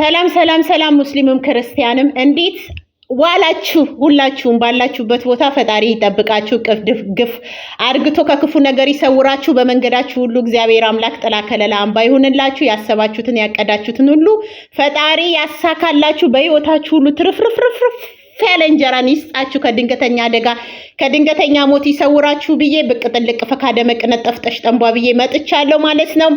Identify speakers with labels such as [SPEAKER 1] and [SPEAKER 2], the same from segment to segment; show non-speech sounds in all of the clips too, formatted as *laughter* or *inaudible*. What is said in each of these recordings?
[SPEAKER 1] ሰላም ሰላም ሰላም፣ ሙስሊምም ክርስቲያንም እንዴት ዋላችሁ? ሁላችሁም ባላችሁበት ቦታ ፈጣሪ ይጠብቃችሁ፣ ግፍ አርግቶ ከክፉ ነገር ይሰውራችሁ። በመንገዳችሁ ሁሉ እግዚአብሔር አምላክ ጥላ ከለላ አምባ ይሁንላችሁ። ያሰባችሁትን ያቀዳችሁትን ሁሉ ፈጣሪ ያሳካላችሁ። በህይወታችሁ ሁሉ ትርፍርፍርፍርፍ ያለ እንጀራን ይስጣችሁ፣ ከድንገተኛ አደጋ ከድንገተኛ ሞት ይሰውራችሁ ብዬ ብቅ ጥልቅ ፈካደ መቅነት ጠፍጠሽ ጠንቧ ብዬ መጥቻለሁ ማለት ነው።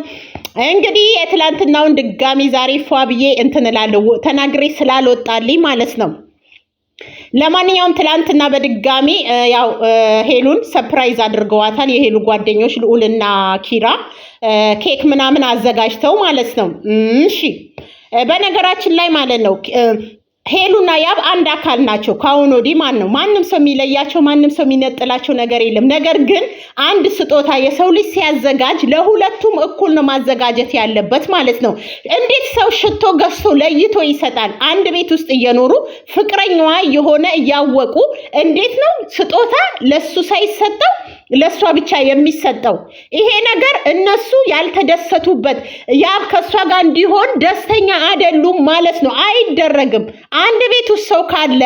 [SPEAKER 1] እንግዲህ የትላንትናውን ድጋሚ ዛሬ ፏ ብዬ እንትን እላለሁ ተናግሬ ስላልወጣልኝ ማለት ነው። ለማንኛውም ትላንትና በድጋሚ ያው ሄሉን ሰፕራይዝ አድርገዋታል። የሄሉ ጓደኞች ልዑልና ኪራ ኬክ ምናምን አዘጋጅተው ማለት ነው። እሺ በነገራችን ላይ ማለት ነው ሄሉና ያብ አንድ አካል ናቸው። ከአሁን ወዲህ ማን ነው ማንም ሰው የሚለያቸው ማንም ሰው የሚነጥላቸው ነገር የለም። ነገር ግን አንድ ስጦታ የሰው ልጅ ሲያዘጋጅ ለሁለቱም እኩል ነው ማዘጋጀት ያለበት ማለት ነው። እንዴት ሰው ሽቶ ገዝቶ ለይቶ ይሰጣል? አንድ ቤት ውስጥ እየኖሩ ፍቅረኛዋ የሆነ እያወቁ እንዴት ነው ስጦታ ለሱ ሳይሰጠው ለእሷ ብቻ የሚሰጠው ይሄ ነገር እነሱ ያልተደሰቱበት ያብ ከእሷ ጋር እንዲሆን ደስተኛ አይደሉም ማለት ነው። አይደረግም። አንድ ቤት ውስጥ ሰው ካለ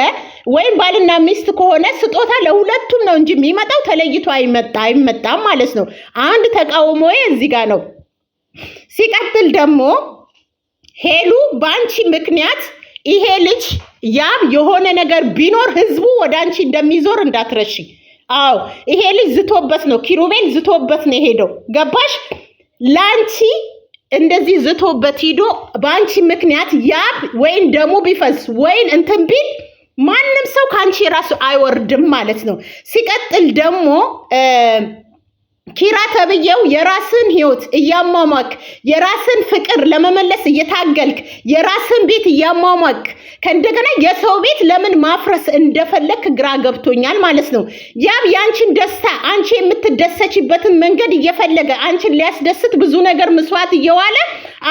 [SPEAKER 1] ወይም ባልና ሚስት ከሆነ ስጦታ ለሁለቱም ነው እንጂ የሚመጣው ተለይቶ አይመጣ አይመጣም ማለት ነው። አንድ ተቃውሞ እዚህ ጋር ነው። ሲቀጥል ደግሞ ሄሉ በአንቺ ምክንያት ይሄ ልጅ ያብ የሆነ ነገር ቢኖር ህዝቡ ወደ አንቺ እንደሚዞር እንዳትረሺ። አዎ ይሄ ልጅ ዝቶበት ነው፣ ኪሩቤል ዝቶበት ነው የሄደው። ገባሽ? ለአንቺ እንደዚህ ዝቶበት ሂዶ በአንቺ ምክንያት ያብ ወይን ደሙ ቢፈስ ወይን እንትን ቢል ማንም ሰው ከአንቺ ራሱ አይወርድም ማለት ነው። ሲቀጥል ደግሞ ኪራ ተብዬው የራስን ህይወት እያሟሟክ የራስን ፍቅር ለመመለስ እየታገልክ የራስን ቤት እያሟሟክ ከእንደገና የሰው ቤት ለምን ማፍረስ እንደፈለክ ግራ ገብቶኛል ማለት ነው። ያብ የአንቺን ደስታ አንቺ የምትደሰችበትን መንገድ እየፈለገ አንቺን ሊያስደስት ብዙ ነገር ምስዋዕት እየዋለ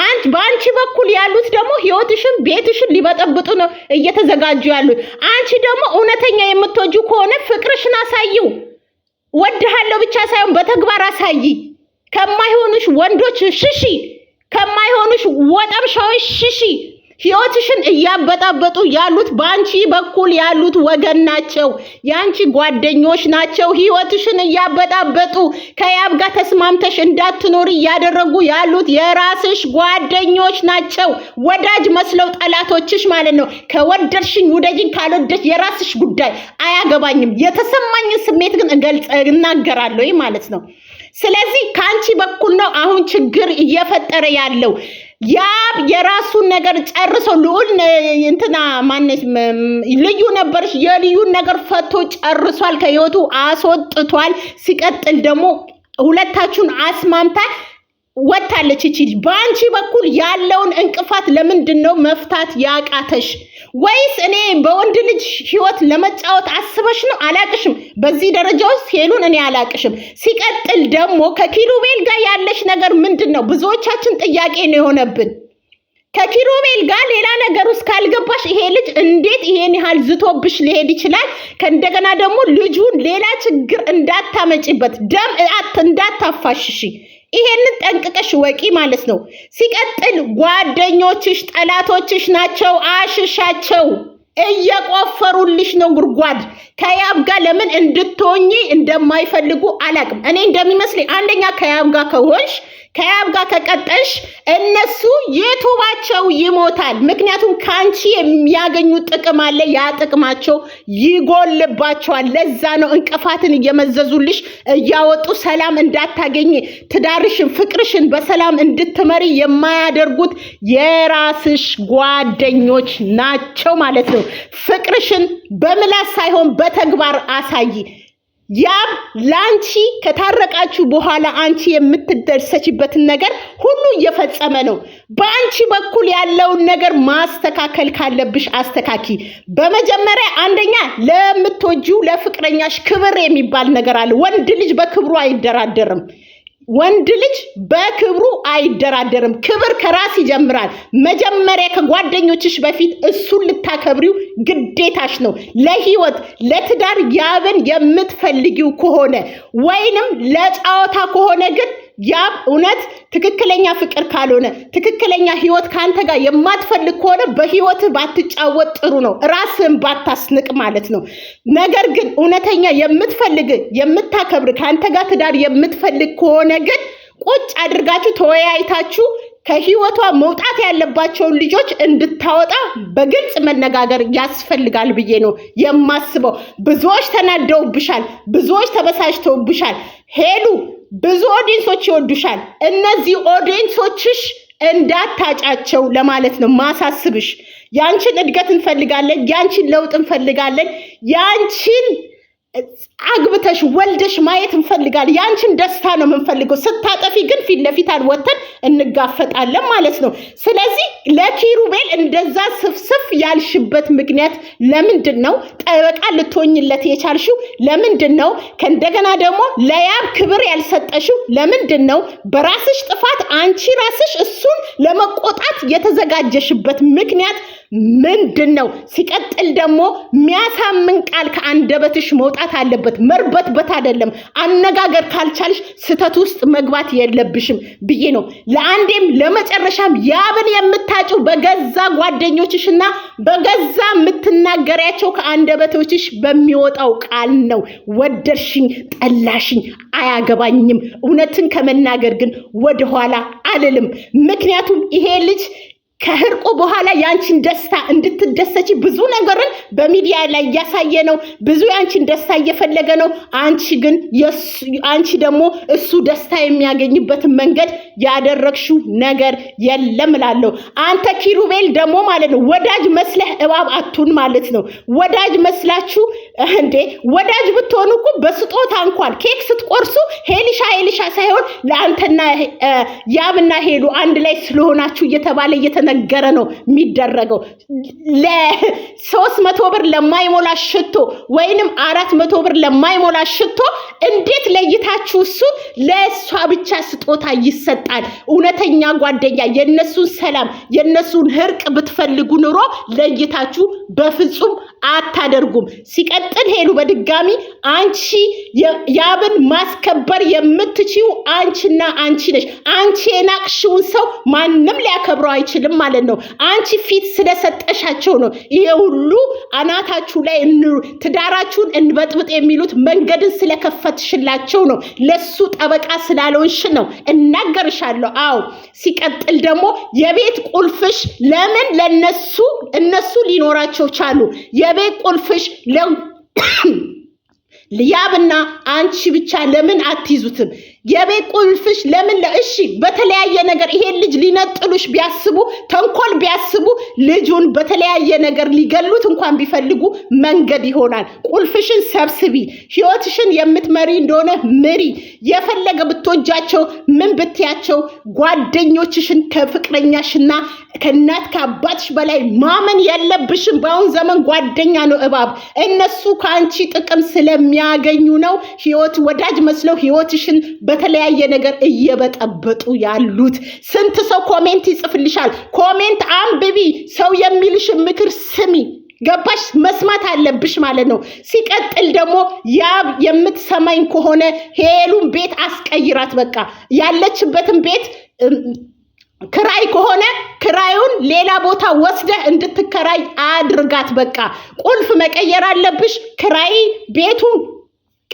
[SPEAKER 1] አንቺ በአንቺ በኩል ያሉት ደግሞ ህይወትሽን ቤትሽን ሊበጠብጡ ነው እየተዘጋጁ ያሉት። አንቺ ደግሞ እውነተኛ የምትወጁ ከሆነ ፍቅርሽን አሳየው። ወድሃለሁ ብቻ ሳይሆን በተግባር አሳይ። ከማይሆኑሽ ወንዶች ሽሺ፣ ከማይሆኑሽ ወጠምሻዎች ሽሺ። ህይወትሽን እያበጣበጡ ያሉት በአንቺ በኩል ያሉት ወገን ናቸው፣ የአንቺ ጓደኞች ናቸው። ህይወትሽን እያበጣበጡ ከያብ ጋር ተስማምተሽ እንዳትኖር እያደረጉ ያሉት የራስሽ ጓደኞች ናቸው። ወዳጅ መስለው ጠላቶችሽ ማለት ነው። ከወደድሽኝ ውደጅኝ፣ ካልወደድሽ የራስሽ ጉዳይ አያገባኝም። የተሰማኝን ስሜት ግን እናገራለሁ ማለት ነው። ስለዚህ ከአንቺ በኩል ነው አሁን ችግር እየፈጠረ ያለው። ያ የራሱን ነገር ጨርሶ ልዑል እንትና ማነች ልዩ ነበረች። የልዩን ነገር ፈቶ ጨርሷል፣ ከህይወቱ አስወጥቷል። ሲቀጥል ደግሞ ሁለታችሁን አስማምታል ወታለች እቺ ልጅ በአንቺ በኩል ያለውን እንቅፋት ለምንድን ነው መፍታት ያቃተሽ? ወይስ እኔ በወንድ ልጅ ህይወት ለመጫወት አስበሽ ነው? አላቅሽም። በዚህ ደረጃ ውስጥ ሄሉን እኔ አላቅሽም። ሲቀጥል ደግሞ ከኪሩቤል ጋር ያለሽ ነገር ምንድን ነው? ብዙዎቻችን ጥያቄ ነው የሆነብን። ከኪሩቤል ጋር ሌላ ነገር ውስጥ ካልገባሽ ይሄ ልጅ እንዴት ይሄን ያህል ዝቶብሽ ሊሄድ ይችላል? ከእንደገና ደግሞ ልጁን ሌላ ችግር እንዳታመጪበት፣ ደም እንዳታፋሽሽ ይሄንን ጠንቅቀሽ ወቂ ማለት ነው። ሲቀጥል ጓደኞችሽ ጠላቶችሽ ናቸው፣ አሽሻቸው። እየቆፈሩልሽ ነው ጉድጓድ። ከያብ ጋር ለምን እንድትሆኚ እንደማይፈልጉ አላቅም። እኔ እንደሚመስለኝ አንደኛ ከያብ ጋር ከሆንሽ ከያብ ጋር ከቀጠልሽ እነሱ የቶባቸው ይሞታል። ምክንያቱም ከአንቺ የሚያገኙት ጥቅም አለ። ያ ጥቅማቸው ይጎልባቸዋል። ለዛ ነው እንቅፋትን እየመዘዙልሽ እያወጡ ሰላም እንዳታገኝ ትዳርሽን፣ ፍቅርሽን በሰላም እንድትመሪ የማያደርጉት የራስሽ ጓደኞች ናቸው ማለት ነው። ፍቅርሽን በምላስ ሳይሆን በተግባር አሳይ። ያብ ለአንቺ ከታረቃችሁ በኋላ አንቺ የምትደርሰችበትን ነገር ሁሉ እየፈጸመ ነው። በአንቺ በኩል ያለውን ነገር ማስተካከል ካለብሽ አስተካኪ። በመጀመሪያ አንደኛ ለምትወጂው ለፍቅረኛሽ ክብር የሚባል ነገር አለ። ወንድ ልጅ በክብሩ አይደራደርም። ወንድ ልጅ በክብሩ አይደራደርም። ክብር ከራስ ይጀምራል። መጀመሪያ ከጓደኞችሽ በፊት እሱን ልታከብሪው ግዴታሽ ነው። ለህይወት ለትዳር ያብን የምትፈልጊው ከሆነ ወይንም ለጨዋታ ከሆነ ግን ያ እውነት ትክክለኛ ፍቅር ካልሆነ ትክክለኛ ህይወት ከአንተ ጋር የማትፈልግ ከሆነ በህይወትህ ባትጫወት ጥሩ ነው፣ ራስህን ባታስንቅ ማለት ነው። ነገር ግን እውነተኛ የምትፈልግ የምታከብር ከአንተ ጋር ትዳር የምትፈልግ ከሆነ ግን ቁጭ አድርጋችሁ ተወያይታችሁ ከህይወቷ መውጣት ያለባቸውን ልጆች እንድታወጣ በግልጽ መነጋገር ያስፈልጋል ብዬ ነው የማስበው። ብዙዎች ተናደውብሻል፣ ብዙዎች ተበሳጭተውብሻል ሄሉ ብዙ ኦዲየንሶች ይወዱሻል። እነዚህ ኦዲየንሶችሽ እንዳታጫቸው ለማለት ነው ማሳስብሽ። ያንቺን እድገት እንፈልጋለን፣ ያንቺን ለውጥ እንፈልጋለን፣ ያንቺን አግብተሽ ወልደሽ ማየት እንፈልጋለን። ያንቺን ደስታ ነው የምንፈልገው። ስታጠፊ ግን ፊት ለፊት አልወተን እንጋፈጣለን ማለት ነው። ስለዚህ ለኪሩቤል እንደዛ ስፍስፍ ያልሽበት ምክንያት ለምንድን ነው? ጠበቃ ልትሆኝለት የቻልሽው ለምንድን ነው? ከእንደገና ደግሞ ለያብ ክብር ያልሰጠሽው ለምንድን ነው? በራስሽ ጥፋት አንቺ ራስሽ እሱን ለመቆጣት የተዘጋጀሽበት ምክንያት ምንድን ነው? ሲቀጥል ደግሞ የሚያሳምን ቃል ከአንደበትሽ መውጣት አለበት። መርበትበት አይደለም። አነጋገር ካልቻልሽ ስህተት ውስጥ መግባት የለብሽም ብዬ ነው። ለአንዴም ለመጨረሻም ያብን የምታጩ በገዛ ጓደኞችሽና በገዛ የምትናገሪያቸው ከአንደበቶችሽ በሚወጣው ቃል ነው። ወደድሽኝ ጠላሽኝ አያገባኝም። እውነትን ከመናገር ግን ወደኋላ አልልም። ምክንያቱም ይሄ ልጅ ከህርቁ በኋላ የአንቺን ደስታ እንድትደሰች ብዙ ነገርን በሚዲያ ላይ እያሳየ ነው። ብዙ የአንቺን ደስታ እየፈለገ ነው። አንቺ ግን አንቺ ደግሞ እሱ ደስታ የሚያገኝበትን መንገድ ያደረግሽው ነገር የለም እላለሁ። አንተ ኪሩቤል ደግሞ ማለት ነው ወዳጅ መስለህ እባብ አቱን ማለት ነው። ወዳጅ መስላችሁ እንዴ? ወዳጅ ብትሆኑ እኮ በስጦታ እንኳን ኬክ ስትቆርሱ ሄሊሻ ሄሊሻ ሳይሆን ለአንተና ያብና ሄሉ አንድ ላይ ስለሆናችሁ እየተባለ እየተነገረ ነው የሚደረገው። ለሶስት መቶ ብር ለማይሞላ ሽቶ ወይንም አራት መቶ ብር ለማይሞላ ሽቶ እንዴት ለይታችሁ እሱ ለእሷ ብቻ ስጦታ ይሰጥ ይሰጣል። እውነተኛ ጓደኛ የነሱን ሰላም የነሱን እርቅ ብትፈልጉ ኑሮ ለይታችሁ በፍጹም አታደርጉም። ሲቀጥል ሄሉ በድጋሚ አንቺ ያብን ማስከበር የምትችው አንቺና አንቺ ነሽ። አንቺ የናቅሽውን ሰው ማንም ሊያከብረው አይችልም ማለት ነው። አንቺ ፊት ስለሰጠሻቸው ነው ይሄ ሁሉ አናታችሁ ላይ ትዳራችሁን እንበጥብጥ የሚሉት መንገድን ስለከፈትሽላቸው ነው። ለሱ ጠበቃ ስላልሆንሽ ነው እናገርሽ እነግርሻለሁ። አዎ ሲቀጥል ደግሞ የቤት ቁልፍሽ ለምን ለነሱ እነሱ ሊኖራቸው ቻሉ? የቤት ቁልፍሽ ለ *coughs* ያብና አንቺ ብቻ ለምን አትይዙትም? የቤት ቁልፍሽ ለምን ለእሺ በተለያየ ነገር ይሄን ልጅ ሊነጥሉሽ ቢያስቡ ተንኮል ቢያስቡ ልጁን በተለያየ ነገር ሊገሉት እንኳን ቢፈልጉ መንገድ ይሆናል። ቁልፍሽን ሰብስቢ። ህይወትሽን የምትመሪ እንደሆነ ምሪ። የፈለገ ብትወጃቸው ምን ብትያቸው፣ ጓደኞችሽን ከፍቅረኛሽና ከእናት ከአባትሽ በላይ ማመን የለብሽም። በአሁን ዘመን ጓደኛ ነው እባብ። እነሱ ከአንቺ ጥቅም ስለሚያገኙ ነው ህይወት ወዳጅ መስለው ህይወትሽን በተለያየ ነገር እየበጠበጡ ያሉት። ስንት ሰው ኮሜንት ይጽፍልሻል። ኮሜንት አንብቢ፣ ሰው የሚልሽ ምክር ስሚ። ገባሽ? መስማት አለብሽ ማለት ነው። ሲቀጥል ደግሞ ያ የምትሰማኝ ከሆነ ሄሉን ቤት አስቀይራት። በቃ ያለችበትን ቤት ክራይ ከሆነ ክራዩን ሌላ ቦታ ወስደህ እንድትከራይ አድርጋት። በቃ ቁልፍ መቀየር አለብሽ። ክራይ ቤቱን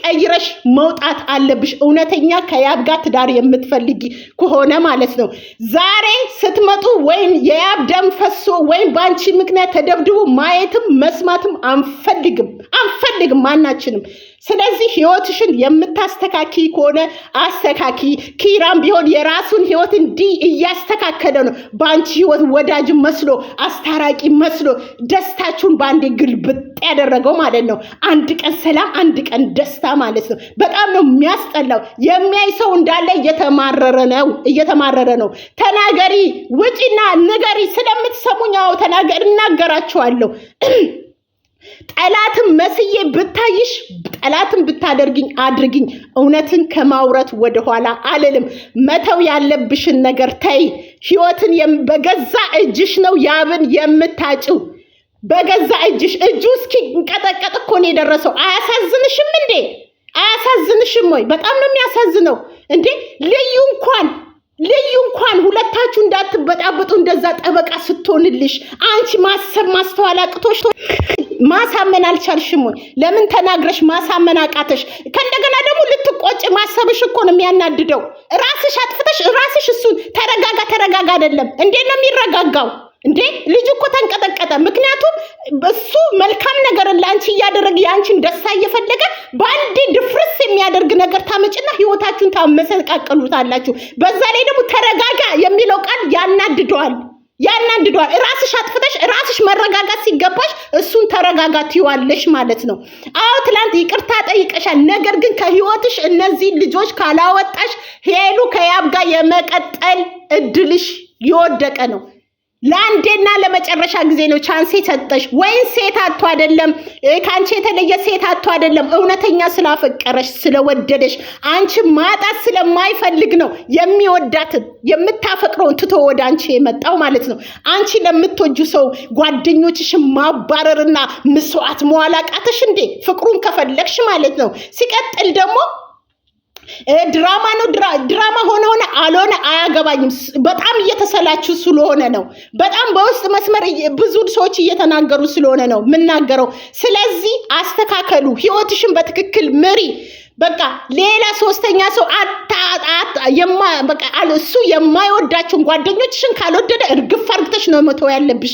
[SPEAKER 1] ቀይረሽ መውጣት አለብሽ። እውነተኛ ከያብ ጋር ትዳር የምትፈልጊ ከሆነ ማለት ነው። ዛሬ ስትመጡ ወይም የያብ ደም ፈሶ ወይም በአንቺ ምክንያት ተደብድቦ ማየትም መስማትም አንፈልግም አንፈልግም ማናችንም ስለዚህ ህይወትሽን የምታስተካኪ ከሆነ አስተካኪ። ኪራም ቢሆን የራሱን ህይወት እንዲህ እያስተካከለ ነው። በአንቺ ህይወት ወዳጅ መስሎ አስታራቂ መስሎ ደስታችሁን በአንዴ ግልብጥ ያደረገው ማለት ነው። አንድ ቀን ሰላም፣ አንድ ቀን ደስታ ማለት ነው። በጣም ነው የሚያስጠላው። የሚያይ ሰው እንዳለ እየተማረረ ነው እየተማረረ ነው። ተናገሪ፣ ውጪና ንገሪ። ስለምትሰሙኝ አዎ ተናገር፣ እናገራችኋለሁ *clears throat* ጠላትም መስዬ ብታይሽ ጠላትም ብታደርግኝ አድርግኝ፣ እውነትን ከማውረት ወደኋላ አልልም። መተው ያለብሽን ነገር ተይ። ህይወትን በገዛ እጅሽ ነው ያብን የምታጭው፣ በገዛ እጅሽ። እጁ እስኪንቀጠቀጥ እኮ ነው የደረሰው። አያሳዝንሽም እንዴ? አያሳዝንሽም ወይ? በጣም ነው የሚያሳዝነው እንዴ! ልዩ እንኳን ልዩ እንኳን ሁለታችሁ እንዳትበጣበጡ እንደዛ ጠበቃ ስትሆንልሽ አንቺ ማሰብ ማስተዋል አቅቶሽ ማሳመን አልቻልሽም ወይ? ለምን ተናግረሽ ማሳመን አቃተሽ? ከእንደገና ደግሞ ልትቆጭ ማሰብሽ እኮ ነው የሚያናድደው። ራስሽ አጥፍተሽ ራስሽ እሱን ተረጋጋ ተረጋጋ አይደለም እንዴ? ነው የሚረጋጋው እንዴ? ልጅ እኮ ተንቀጠቀጠ። ምክንያቱም እሱ መልካም ነገርን ለአንቺ እያደረገ የአንቺን ደስታ እየፈለገ በአንዴ ድፍርስ የሚያደርግ ነገር ታመጭና ህይወታችሁን ታመሰቃቀሉታላችሁ። በዛ ላይ ደግሞ ተረጋጋ የሚለው ቃል ያናድደዋል። ያናድዷል። ራስሽ አጥፍተሽ ራስሽ መረጋጋት ሲገባሽ እሱን ተረጋጋትዋለሽ ማለት ነው። አዎ ትላንት ይቅርታ ጠይቀሻል። ነገር ግን ከህይወትሽ እነዚህ ልጆች ካላወጣሽ ሄሉ ከያብ ጋር የመቀጠል እድልሽ የወደቀ ነው። ለአንዴና ለመጨረሻ ጊዜ ነው ቻንስ የሰጠሽ። ወይን ሴት አቶ አይደለም ከአንቺ የተለየ ሴት አቶ አይደለም፣ እውነተኛ ስላፈቀረሽ ስለወደደሽ፣ አንቺ ማጣት ስለማይፈልግ ነው የሚወዳትን የምታፈቅረውን ትቶ ወደ አንቺ የመጣው ማለት ነው። አንቺ ለምትወጁ ሰው ጓደኞችሽን ማባረርና ምስዋዕት መዋል አቃተሽ እንዴ? ፍቅሩን ከፈለግሽ ማለት ነው። ሲቀጥል ደግሞ ድራማ ነው። ድራማ ሆነ ሆነ አልሆነ አያገባኝም። በጣም እየተሰላችሁ ስለሆነ ነው። በጣም በውስጥ መስመር ብዙ ሰዎች እየተናገሩ ስለሆነ ነው የምናገረው። ስለዚህ አስተካከሉ፣ ህይወትሽን በትክክል ምሪ። በቃ ሌላ ሶስተኛ ሰው እሱ የማይወዳቸውን ጓደኞችሽን ካልወደደ እርግፍ አርግተሽ ነው መተው ያለብሽ።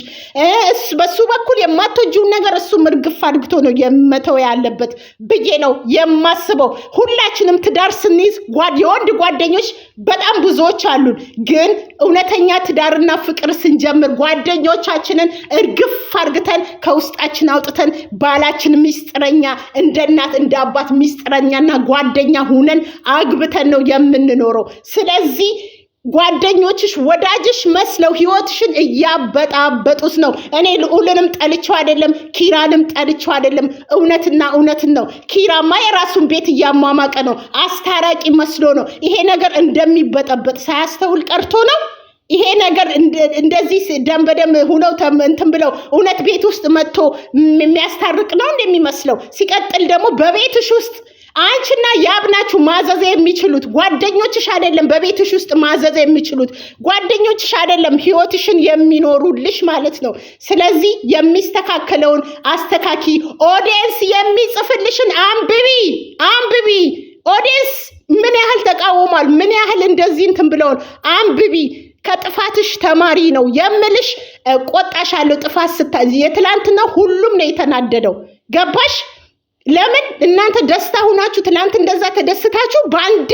[SPEAKER 1] በሱ በኩል የማትወጂውን ነገር እሱም እርግፍ አርግቶ ነው የመተው ያለበት ብዬ ነው የማስበው። ሁላችንም ትዳር ስንይዝ የወንድ ጓደኞች በጣም ብዙዎች አሉን። ግን እውነተኛ ትዳርና ፍቅር ስንጀምር ጓደኞቻችንን እርግፍ አርግተን ከውስጣችን አውጥተን ባላችን ሚስጥረኛ እንደ እናት እንደ አባት ሚስጥረኛ ባልና ጓደኛ ሁነን አግብተን ነው የምንኖረው። ስለዚህ ጓደኞችሽ ወዳጅሽ መስለው ህይወትሽን እያበጣበጡት ነው። እኔ ልዑልንም ጠልቼው አይደለም፣ ኪራንም ጠልቼው አይደለም። እውነትና እውነትን ነው። ኪራማ የራሱን ቤት እያሟማቀ ነው፣ አስታራቂ መስሎ ነው። ይሄ ነገር እንደሚበጠበጥ ሳያስተውል ቀርቶ ነው። ይሄ ነገር እንደዚህ ደም በደም ሁነው እንትን ብለው እውነት ቤት ውስጥ መጥቶ የሚያስታርቅ ነው እንደሚመስለው። ሲቀጥል ደግሞ በቤትሽ ውስጥ አንቺና ያብ ማዘዝ የሚችሉት ጓደኞችሽ አይደለም። በቤትሽ ውስጥ ማዘዝ የሚችሉት ጓደኞችሽ አይደለም፣ ህይወትሽን የሚኖሩልሽ ማለት ነው። ስለዚህ የሚስተካከለውን አስተካኪ። ኦዲየንስ የሚጽፍልሽን አንብቢ አንብቢ። ኦዲየንስ ምን ያህል ተቃውሟል፣ ምን ያህል እንደዚህ እንትን ብለውን አንብቢ። ከጥፋትሽ ተማሪ ነው የምልሽ። ቆጣሻለሁ። ጥፋት ስታ የትላንትና ሁሉም ነው የተናደደው። ገባሽ? ለምን እናንተ ደስታ ሁናችሁ ትናንት እንደዛ ተደስታችሁ በአንዴ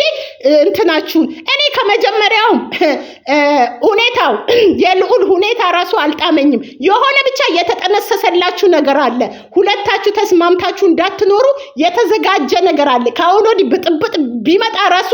[SPEAKER 1] እንትናችሁን እኔ ከመጀመሪያውም ሁኔታው *clears throat* የልዑል ሁኔታ ራሱ አልጣመኝም። የሆነ ብቻ የተጠነሰሰላችሁ ነገር አለ። ሁለታችሁ ተስማምታችሁ እንዳትኖሩ የተዘጋጀ ነገር አለ። ከአሁን ወዲህ ብጥብጥ ቢመጣ ራሱ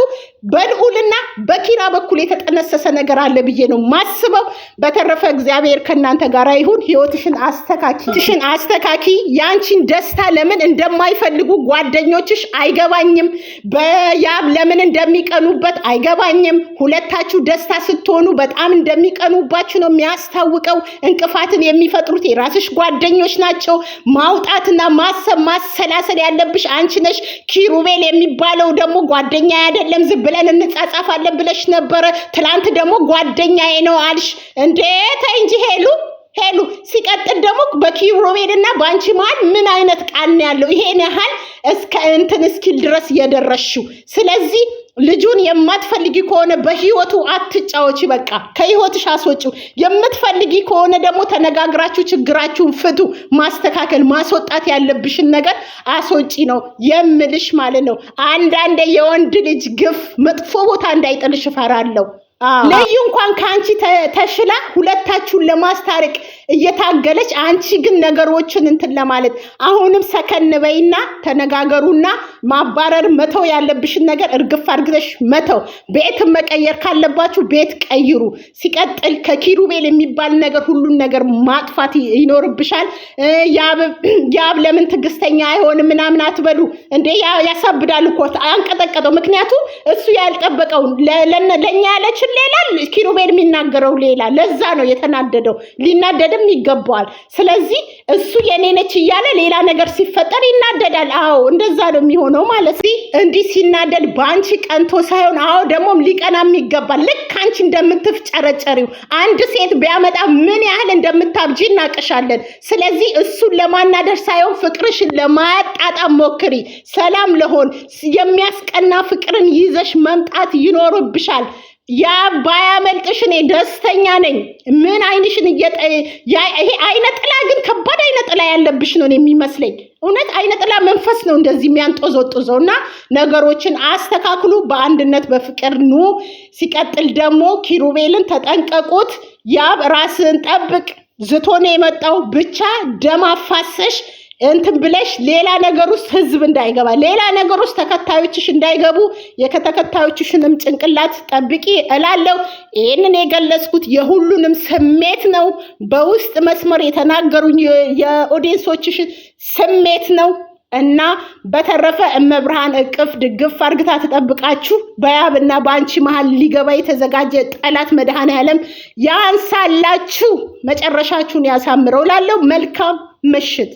[SPEAKER 1] በልዑልና በኪራ በኩል የተጠነሰሰ ነገር አለ ብዬ ነው ማስበው። በተረፈ እግዚአብሔር ከእናንተ ጋር ይሁን። ህይወትሽን አስተካኪ ትሽን አስተካኪ። ያንቺን ደስታ ለምን እንደማይፈልጉ ጓደኞችሽ አይገባኝም። በያብ ለምን እንደሚቀኑበት አይገባኝም። ሁለታችሁ ደስታ ስትሆኑ በጣም እንደሚቀኑባችሁ ነው የሚያስታውቀው። እንቅፋትን የሚፈጥሩት የራስሽ ጓደኞች ናቸው። ማውጣትና ማሰብ ማሰላሰል ያለብሽ አንቺ ነሽ። ኪሩቤል የሚባለው ደግሞ ጓደኛ አይደለም ዝም ብለን እንጻጻፋለን ብለሽ ነበረ። ትላንት ደግሞ ጓደኛዬ ነው አልሽ እንዴ? ተይ እንጂ ሄሉ ሄሉ ሲቀጥል ደግሞ በኪሮቤል እና በአንቺ መሀል ምን አይነት ቃል ያለው? ይሄን ያህል እስከ እንትን እስኪል ድረስ የደረስሽው። ስለዚህ ልጁን የማትፈልጊ ከሆነ በህይወቱ አትጫወች። በቃ ከህይወትሽ አስወጪው። የምትፈልጊ ከሆነ ደግሞ ተነጋግራችሁ ችግራችሁን ፍቱ። ማስተካከል ማስወጣት ያለብሽን ነገር አስወጪ ነው የምልሽ ማለት ነው። አንዳንዴ የወንድ ልጅ ግፍ መጥፎ ቦታ እንዳይጥልሽ እፈራለሁ። ለዩ እንኳን ከአንቺ ተሽላ ሁለታችሁን ለማስታረቅ እየታገለች አንቺ ግን ነገሮችን እንትን ለማለት አሁንም ሰከን በይና ተነጋገሩና ማባረር መተው ያለብሽን ነገር እርግፍ አርግተሽ መተው። ቤትን መቀየር ካለባችሁ ቤት ቀይሩ። ሲቀጥል ከኪሩቤል የሚባል ነገር ሁሉን ነገር ማጥፋት ይኖርብሻል። ያብ ለምን ትግስተኛ አይሆንም ምናምን አትበሉ እንዴ። ያሳብዳል እኮ አንቀጠቀጠው። ምክንያቱም እሱ ያልጠበቀው ለእኛ ያለችን ሌላ፣ ኪሩቤል የሚናገረው ሌላ። ለዛ ነው የተናደደው ሊናደድም ሊያውቅም ይገባዋል። ስለዚህ እሱ የኔ ነች እያለ ሌላ ነገር ሲፈጠር ይናደዳል። አዎ እንደዛ ነው የሚሆነው ማለት እንዲህ ሲናደድ በአንቺ ቀንቶ ሳይሆን አዎ ደግሞም ሊቀናም ይገባል። ልክ አንቺ እንደምትፍጨረጨሪው አንድ ሴት ቢያመጣ ምን ያህል እንደምታብጂ እናቅሻለን። ስለዚህ እሱን ለማናደር ሳይሆን ፍቅርሽን ለማጣጣም ሞክሪ። ሰላም ለሆን የሚያስቀና ፍቅርን ይዘሽ መምጣት ይኖርብሻል። ያ ባያመልጥሽ እኔ ደስተኛ ነኝ። ምን አይንሽን ይሄ አይነ ጥላ ግን ከባድ አይነ ጥላ ያለብሽ ነው የሚመስለኝ። እውነት አይነ ጥላ መንፈስ ነው እንደዚህ የሚያንጦዘጥዘው እና ነገሮችን አስተካክሉ። በአንድነት በፍቅር ኑ። ሲቀጥል ደግሞ ኪሩቤልን ተጠንቀቁት። ያብ ራስን ጠብቅ። ዝቶ ነው የመጣው ብቻ ደም አፋሰሽ እንትን ብለሽ ሌላ ነገር ውስጥ ህዝብ እንዳይገባ ሌላ ነገር ውስጥ ተከታዮችሽ እንዳይገቡ የከተከታዮችሽንም ጭንቅላት ጠብቂ እላለው። ይህንን የገለጽኩት የሁሉንም ስሜት ነው። በውስጥ መስመር የተናገሩኝ የኦዲየንሶችሽን ስሜት ነው። እና በተረፈ እመብርሃን እቅፍ ድግፍ አርግታ ትጠብቃችሁ። በያብ እና በአንቺ መሀል ሊገባ የተዘጋጀ ጠላት መድኃኔ ዓለም ያንሳላችሁ፣ መጨረሻችሁን ያሳምረው ላለው መልካም ምሽት